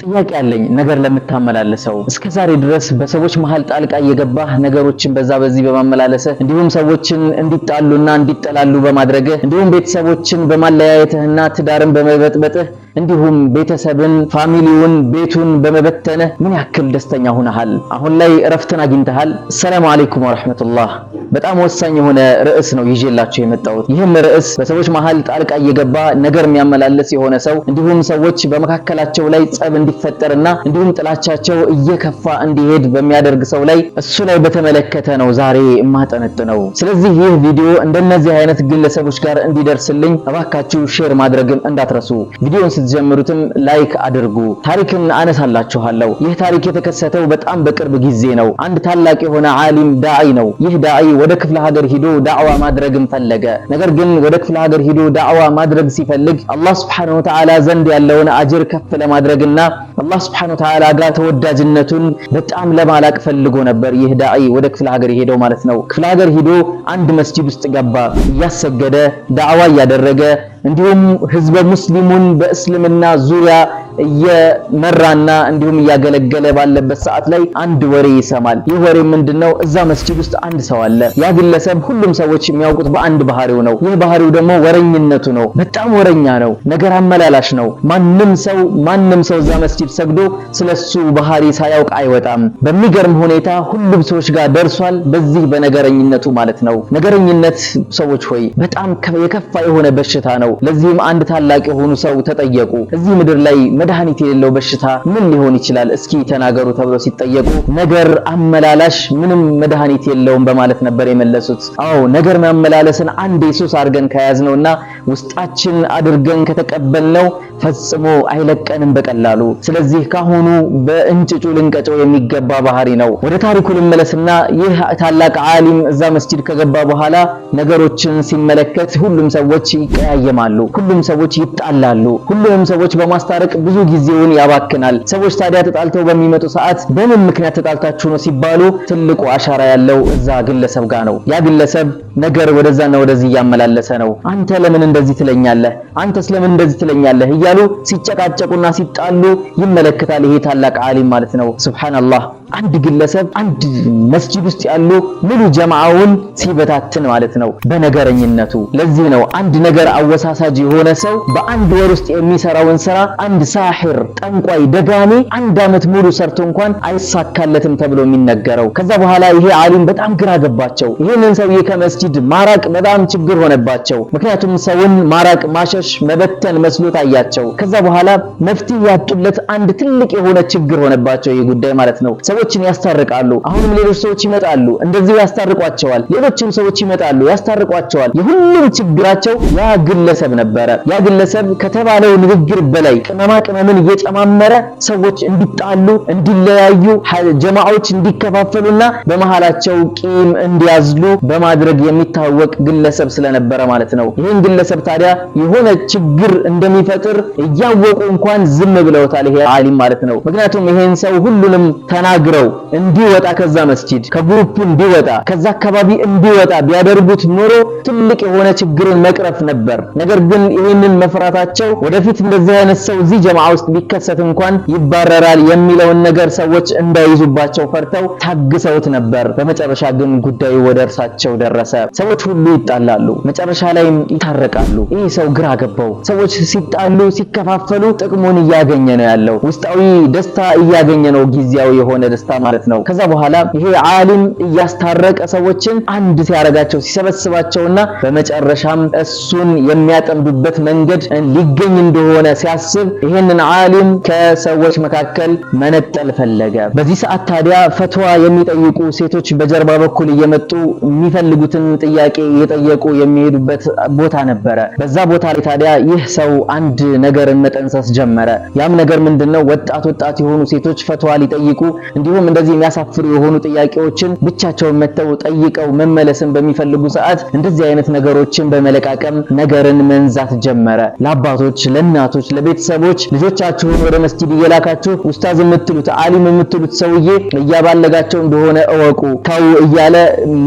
ጥያቄ አለኝ ነገር ለምታመላለሰው እስከ ዛሬ ድረስ በሰዎች መሃል ጣልቃ እየገባህ ነገሮችን በዛ በዚህ በማመላለሰ እንዲሁም ሰዎችን እንዲጣሉና እንዲጠላሉ በማድረግህ እንዲሁም ቤተሰቦችን በማለያየትህና ትዳርን በመበጥበጥህ እንዲሁም ቤተሰብን፣ ፋሚሊውን፣ ቤቱን በመበተነ ምን ያክል ደስተኛ ሆነሃል? አሁን ላይ እረፍትን አግኝተሃል? ሰላም አለይኩም ወራህመቱላህ። በጣም ወሳኝ የሆነ ርዕስ ነው ይዤላቸው የመጣሁት። ይህም ርዕስ በሰዎች መሀል ጣልቃ እየገባ ነገር የሚያመላለስ የሆነ ሰው እንዲሁም ሰዎች በመካከላቸው ላይ ጸብ እንዲፈጠርና እንዲሁም ጥላቻቸው እየከፋ እንዲሄድ በሚያደርግ ሰው ላይ እሱ ላይ በተመለከተ ነው ዛሬ ነው። ስለዚህ ይህ ቪዲዮ እንደነዚህ አይነት ግለሰቦች ጋር እንዲደርስልኝ እባካችሁ ሼር ማድረግን እንዳትረሱ ቪዲዮን ስትጀምሩትም ላይክ አድርጉ። ታሪክን አነሳላችኋለሁ። ይህ ታሪክ የተከሰተው በጣም በቅርብ ጊዜ ነው። አንድ ታላቅ የሆነ ዓሊም ዳዒ ነው። ይህ ዳዒ ወደ ክፍለ ሀገር ሂዶ ዳዕዋ ማድረግን ፈለገ። ነገር ግን ወደ ክፍለ ሀገር ሂዶ ዳዕዋ ማድረግ ሲፈልግ አላህ ስብሓነሁ ወተዓላ ዘንድ ያለውን አጅር ከፍ ለማድረግና አላህ ስብሓነሁ ወተዓላ ጋር ተወዳጅነቱን በጣም ለማላቅ ፈልጎ ነበር። ይህ ዳዒ ወደ ክፍለ ሀገር ሄደው ማለት ነው። ክፍለ ሀገር ሂዶ አንድ መስጂድ ውስጥ ገባ። እያሰገደ ዳዕዋ እያደረገ እንዲሁም ህዝበ ሙስሊሙን በእስልምና ዙሪያ እየመራና እንዲሁም እያገለገለ ባለበት ሰዓት ላይ አንድ ወሬ ይሰማል። ይህ ወሬ ምንድነው? እዛ መስጂድ ውስጥ አንድ ሰው አለ። ያ ግለሰብ ሁሉም ሰዎች የሚያውቁት በአንድ ባህሪው ነው። ይህ ባህሪው ደግሞ ወረኝነቱ ነው። በጣም ወረኛ ነው። ነገር አመላላሽ ነው። ማንም ሰው ማንም ሰው እዛ መስጂድ ሰግዶ ስለሱ ባህሪ ሳያውቅ አይወጣም። በሚገርም ሁኔታ ሁሉም ሰዎች ጋር ደርሷል። በዚህ በነገረኝነቱ ማለት ነው። ነገረኝነት ሰዎች ሆይ በጣም የከፋ የሆነ በሽታ ነው። ለዚህም አንድ ታላቅ የሆኑ ሰው ተጠየቁ። እዚህ ምድር ላይ መድኃኒት የሌለው በሽታ ምን ሊሆን ይችላል እስኪ ተናገሩ ተብለው ሲጠየቁ ነገር አመላላሽ ምንም መድኃኒት የለውም በማለት ነበር የመለሱት። አዎ ነገር ማመላለስን አንዴ ሱስ አድርገን ከያዝነውና ውስጣችን አድርገን ከተቀበልነው ፈጽሞ አይለቀንም በቀላሉ። ስለዚህ ካሁኑ በእንጭጩ ልንቀጨው የሚገባ ባህሪ ነው። ወደ ታሪኩ ልመለስና ይህ ታላቅ ዓሊም እዛ መስጂድ ከገባ በኋላ ነገሮችን ሲመለከት ሁሉም ሰዎች ይቀያየማሉ፣ ሁሉም ሰዎች ይጣላሉ፣ ሁሉንም ሰዎች በማስታረቅ ብዙ ጊዜውን ያባክናል። ሰዎች ታዲያ ተጣልተው በሚመጡ ሰዓት በምን ምክንያት ተጣልታችሁ ነው ሲባሉ ትልቁ አሻራ ያለው እዛ ግለሰብ ጋር ነው። ያ ግለሰብ ነገር ወደዛና ወደዚህ እያመላለሰ ነው። አንተ ለምን እንደዚህ ትለኛለህ? አንተስ ለምን እንደዚህ ትለኛለህ? እያሉ ሲጨቃጨቁና ሲጣሉ ይመለከታል። ይሄ ታላቅ ዓሊም ማለት ነው። ሱብሃንአላህ አንድ ግለሰብ አንድ መስጂድ ውስጥ ያሉ ሙሉ ጀማዓውን ሲበታትን ማለት ነው በነገረኝነቱ። ለዚህ ነው አንድ ነገር አወሳሳጅ የሆነ ሰው በአንድ ወር ውስጥ የሚሰራውን ስራ አንድ ሳህር ጠንቋይ፣ ደጋሚ አንድ አመት ሙሉ ሰርቶ እንኳን አይሳካለትም ተብሎ የሚነገረው። ከዛ በኋላ ይሄ አሊም በጣም ግራ ገባቸው። ይህንን ሰውዬ ከመስጂድ ማራቅ በጣም ችግር ሆነባቸው። ምክንያቱም ሰውን ማራቅ፣ ማሸሽ፣ መበተን መስሎ ታያቸው። ከዛ በኋላ መፍትሄ ያጡለት አንድ ትልቅ የሆነ ችግር ሆነባቸው ይህ ጉዳይ ማለት ነው። ሰዎችን ያስታርቃሉ። አሁንም ሌሎች ሰዎች ይመጣሉ፣ እንደዚህ ያስታርቋቸዋል። ሌሎችም ሰዎች ይመጣሉ፣ ያስታርቋቸዋል። የሁሉም ችግራቸው ያ ግለሰብ ነበረ። ያ ግለሰብ ከተባለው ንግግር በላይ ቅመማ ቅመምን እየጨማመረ ሰዎች እንዲጣሉ፣ እንዲለያዩ፣ ጀማዓዎች እንዲከፋፈሉና በመሃላቸው ቂም እንዲያዝሉ በማድረግ የሚታወቅ ግለሰብ ስለነበረ ማለት ነው። ይህን ግለሰብ ታዲያ የሆነ ችግር እንደሚፈጥር እያወቁ እንኳን ዝም ብለውታል። ይሄ ዓሊም ማለት ነው። ምክንያቱም ይሄን ሰው ሁሉንም ተናግ ተናግረው እንዲወጣ ከዛ መስጂድ ከግሩፑ እንዲወጣ ከዛ አካባቢ እንዲወጣ ቢያደርጉት ኖሮ ትልቅ የሆነ ችግርን መቅረፍ ነበር። ነገር ግን ይህንን መፍራታቸው ወደፊት እንደዚህ አይነት ሰው እዚህ ጀማዓ ውስጥ ቢከሰት እንኳን ይባረራል የሚለውን ነገር ሰዎች እንዳይዙባቸው ፈርተው ታግሰውት ነበር። በመጨረሻ ግን ጉዳዩ ወደ እርሳቸው ደረሰ። ሰዎች ሁሉ ይጣላሉ፣ መጨረሻ ላይም ይታረቃሉ። ይህ ሰው ግራ ገባው። ሰዎች ሲጣሉ ሲከፋፈሉ ጥቅሙን እያገኘ ነው ያለው፣ ውስጣዊ ደስታ እያገኘ ነው ጊዜያዊ የሆነ ደስታ ማለት ነው። ከዛ በኋላ ይሄ ዓሊም እያስታረቀ ሰዎችን አንድ ሲያረጋቸው ሲሰበስባቸውና በመጨረሻም እሱን የሚያጠምዱበት መንገድ ሊገኝ እንደሆነ ሲያስብ ይሄንን ዓሊም ከሰዎች መካከል መነጠል ፈለገ። በዚህ ሰዓት ታዲያ ፈትዋ የሚጠይቁ ሴቶች በጀርባ በኩል እየመጡ የሚፈልጉትን ጥያቄ እየጠየቁ የሚሄዱበት ቦታ ነበረ። በዛ ቦታ ላይ ታዲያ ይህ ሰው አንድ ነገርን መጠንሰስ ጀመረ። ያም ነገር ምንድነው? ወጣት ወጣት የሆኑ ሴቶች ፈትዋ ሊጠይቁ እንዲሁም እንደዚህ የሚያሳፍሩ የሆኑ ጥያቄዎችን ብቻቸውን መተው ጠይቀው መመለስን በሚፈልጉ ሰዓት እንደዚህ አይነት ነገሮችን በመለቃቀም ነገርን መንዛት ጀመረ። ለአባቶች፣ ለእናቶች፣ ለቤተሰቦች ልጆቻችሁን ወደ መስጂድ እየላካችሁ ኡስታዝ የምትሉት አሊም የምትሉት ሰውዬ እያባለጋቸው እንደሆነ እወቁ ተው እያለ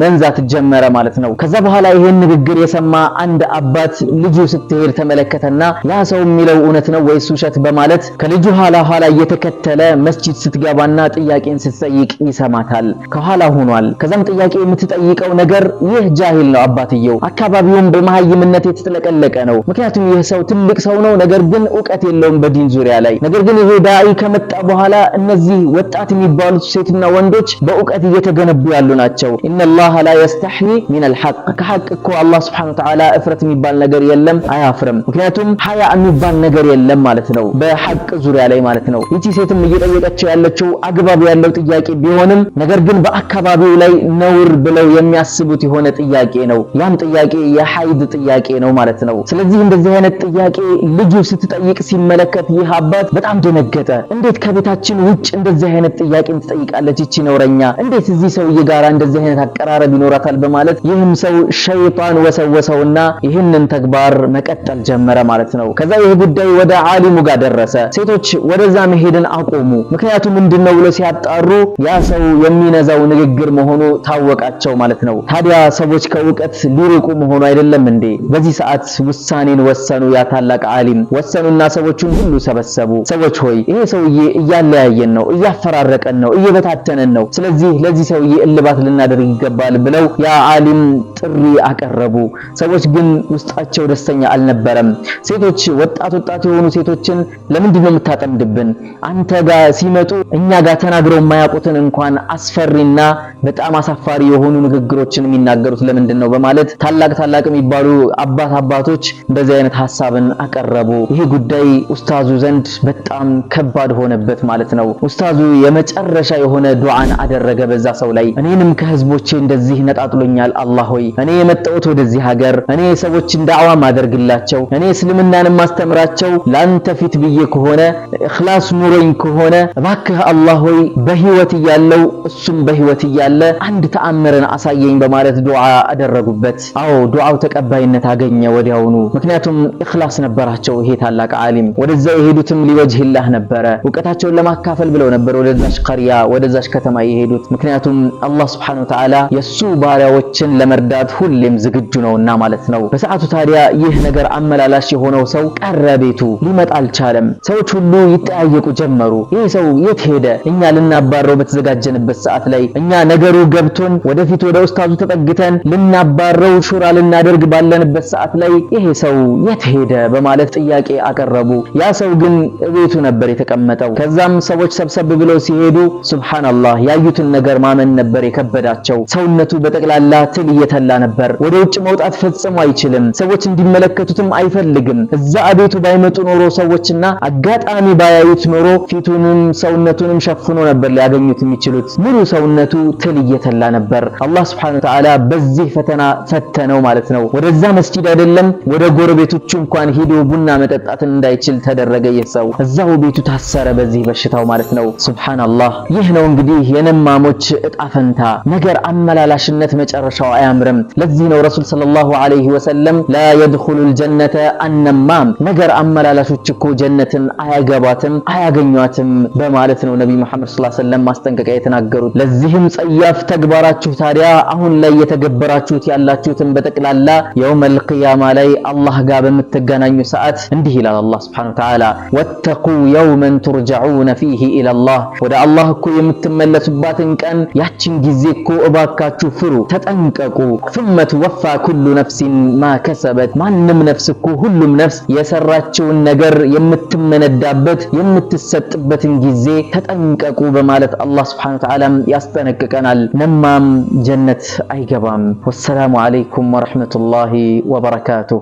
መንዛት ጀመረ ማለት ነው። ከዛ በኋላ ይሄን ንግግር የሰማ አንድ አባት ልጁ ስትሄድ ተመለከተና ያ ሰው የሚለው እውነት ነው ወይስ ውሸት በማለት ከልጁ ኋላ ኋላ እየተከተለ መስጂድ ስትገባና ጥያቄ ጥያቄን ስትጠይቅ ይሰማታል፣ ከኋላ ሆኗል። ከዛም ጥያቄ የምትጠይቀው ነገር ይህ ጃሂል ነው አባትየው፣ አካባቢውም በመሀይምነት የተጥለቀለቀ ነው። ምክንያቱም ይህ ሰው ትልቅ ሰው ነው፣ ነገር ግን እውቀት የለውም በዲን ዙሪያ ላይ። ነገር ግን ይሄ ዳኢ ከመጣ በኋላ እነዚህ ወጣት የሚባሉት ሴትና ወንዶች በእውቀት እየተገነቡ ያሉ ናቸው። ኢነላህ ላ የስተሕይ ሚነል ሐቅ፣ ከሐቅ እኮ አላህ ሱብሓነሁ ወተዓላ እፍረት የሚባል ነገር የለም፣ አያፍርም። ምክንያቱም ሀያ የሚባል ነገር የለም ማለት ነው፣ በሐቅ ዙሪያ ላይ ማለት ነው። ይቺ ሴትም እየጠየቀችው ያለችው አግባብ ያለው ጥያቄ ቢሆንም ነገር ግን በአካባቢው ላይ ነውር ብለው የሚያስቡት የሆነ ጥያቄ ነው። ያም ጥያቄ የሀይድ ጥያቄ ነው ማለት ነው። ስለዚህ እንደዚህ አይነት ጥያቄ ልጁ ስትጠይቅ ሲመለከት ይህ አባት በጣም ደነገጠ። እንዴት ከቤታችን ውጭ እንደዚህ አይነት ጥያቄን ትጠይቃለች ይቺ ነውረኛ? እንዴት እዚህ ሰውዬ ጋራ እንደዚህ አይነት አቀራረብ ይኖራታል? በማለት ይህም ሰው ሸይጣን ወሰወሰውና ይህንን ተግባር መቀጠል ጀመረ ማለት ነው። ከዛ ይህ ጉዳይ ወደ ዓሊሙ ጋር ደረሰ። ሴቶች ወደዛ መሄድን አቆሙ። ምክንያቱም ምንድነው ብሎ ሲያ ሲያጣሩ ያ ሰው የሚነዛው ንግግር መሆኑ ታወቃቸው ማለት ነው። ታዲያ ሰዎች ከእውቀት ሊርቁ መሆኑ አይደለም እንዴ? በዚህ ሰዓት ውሳኔን ወሰኑ። ያ ታላቅ ዓሊም ወሰኑና ሰዎቹን ሁሉ ሰበሰቡ። ሰዎች ሆይ ይሄ ሰውዬ እያለያየን ነው፣ እያፈራረቀን ነው፣ እየበታተነን ነው። ስለዚህ ለዚህ ሰውዬ እልባት ልናደርግ ይገባል ብለው ያ ዓሊም ጥሪ አቀረቡ። ሰዎች ግን ውስጣቸው ደስተኛ አልነበረም። ሴቶች ወጣት ወጣት የሆኑ ሴቶችን ለምንድን ነው የምታጠምድብን? አንተ ጋር ሲመጡ እኛ ጋር ተናግረው ተናግረው የማያውቁትን እንኳን አስፈሪና በጣም አሳፋሪ የሆኑ ንግግሮችን የሚናገሩት ለምንድን ነው በማለት ታላቅ ታላቅ የሚባሉ አባት አባቶች እንደዚህ አይነት ሀሳብን አቀረቡ። ይህ ጉዳይ ኡስታዙ ዘንድ በጣም ከባድ ሆነበት ማለት ነው። ኡስታዙ የመጨረሻ የሆነ ዱዓን አደረገ በዛ ሰው ላይ። እኔንም ከህዝቦቼ እንደዚህ ነጣጥሎኛል። አላህ ሆይ እኔ የመጣሁት ወደዚህ ሀገር እኔ ሰዎችን ዳዕዋ ማደርግላቸው እኔ እስልምናንም ማስተምራቸው ላንተ ፊት ብዬ ከሆነ እኽላስ ኑሮኝ ከሆነ እባክህ አላህ ሆይ በህይወት እያለው እሱም በህይወት እያለ አንድ ተአምርን አሳየኝ በማለት ዱዓ አደረጉበት። አዎ ዱዓው ተቀባይነት አገኘ ወዲያውኑ። ምክንያቱም ኢኽላስ ነበራቸው። ይሄ ታላቅ ዓሊም ወደዛ የሄዱትም ሊወጅህላህ ነበረ። እውቀታቸውን ለማካፈል ብለው ነበር ወደዛች ቀሪያ ወደዛች ከተማ የሄዱት። ምክንያቱም አላህ ሱብሓነሁ ወተዓላ የሱ ባሪያዎችን ለመርዳት ሁሌም ዝግጁ ነውና ማለት ነው። በሰዓቱ ታዲያ ይህ ነገር አመላላሽ የሆነው ሰው ቀረ፣ ቤቱ ሊመጣ አልቻለም። ሰዎች ሁሉ ይጠያየቁ ጀመሩ። ይህ ሰው የት ሄደ? እኛ ልናባረው በተዘጋጀንበት ሰዓት ላይ እኛ ነገሩ ገብቶን ወደፊት ወደ ኡስታዙ ተጠግተን ልናባረው ሹራ ልናደርግ ባለንበት ሰዓት ላይ ይሄ ሰው የት ሄደ በማለት ጥያቄ አቀረቡ። ያ ሰው ግን እቤቱ ነበር የተቀመጠው። ከዛም ሰዎች ሰብሰብ ብለው ሲሄዱ ሱብሃንአላህ ያዩትን ነገር ማመን ነበር የከበዳቸው። ሰውነቱ በጠቅላላ ትል እየተላ ነበር። ወደ ውጭ መውጣት ፈጽሞ አይችልም። ሰዎች እንዲመለከቱትም አይፈልግም። እዛ አቤቱ ባይመጡ ኖሮ ሰዎችና አጋጣሚ ባያዩት ኖሮ ፊቱንም ሰውነቱንም ሸፍኖ ነበር ነበር ሊያገኙት የሚችሉት። ሙሉ ሰውነቱ ትል እየተላ ነበር። አላህ ስብሐነሁ ወተዓላ በዚህ ፈተና ፈተነው ማለት ነው። ወደዛ መስጂድ አይደለም ወደ ጎረቤቶቹ እንኳን ሂዶ ቡና መጠጣትን እንዳይችል ተደረገ። የሰው እዛው ቤቱ ታሰረ በዚህ በሽታው ማለት ነው። ሱብሃንአላህ። ይህ ነው እንግዲህ የነማሞች እጣ ፈንታ። ነገር አመላላሽነት መጨረሻው አያምርም። ለዚህ ነው ረሱል ሰለላሁ ዐለይሂ ወሰለም ላ የድኹሉል ጀነተ አነማም፣ ነገር አመላላሾች እኮ ጀነትን አያገባትም አያገኟትም በማለት ነው ነቢ መሐመድ ሰለም ማስጠንቀቂያ የተናገሩት። ለዚህም ጸያፍ ተግባራችሁ ታዲያ አሁን ላይ የተገበራችሁት ያላችሁትን በጠቅላላ የውመል ቂያማ ላይ አላህ ጋር በምትገናኙ ሰዓት እንዲህ ይላል አላህ ሱብሓነሁ ወተዓላ ወተቁ የውመን ቱርጀዑነ ፊሂ ኢለላህ፣ ወደ አላህ እኮ የምትመለሱባትን ቀን ያችን ጊዜ እኮ እባካችሁ ፍሩ፣ ተጠንቀቁ። ሱመ ትወፋ ኩሉ ነፍሲን ማ ከሰበት፣ ማንም ነፍስ እኮ ሁሉም ነፍስ የሰራችውን ነገር የምትመነዳበት የምትሰጥበትን ጊዜ ተጠንቀቁ። በማለት አላህ ስብሐነ ወተዓላ ያስጠነቅቀናል። ነማም ጀነት አይገባም። ወሰላሙ አለይኩም ወረሕመቱላሂ ወበረካቱሁ።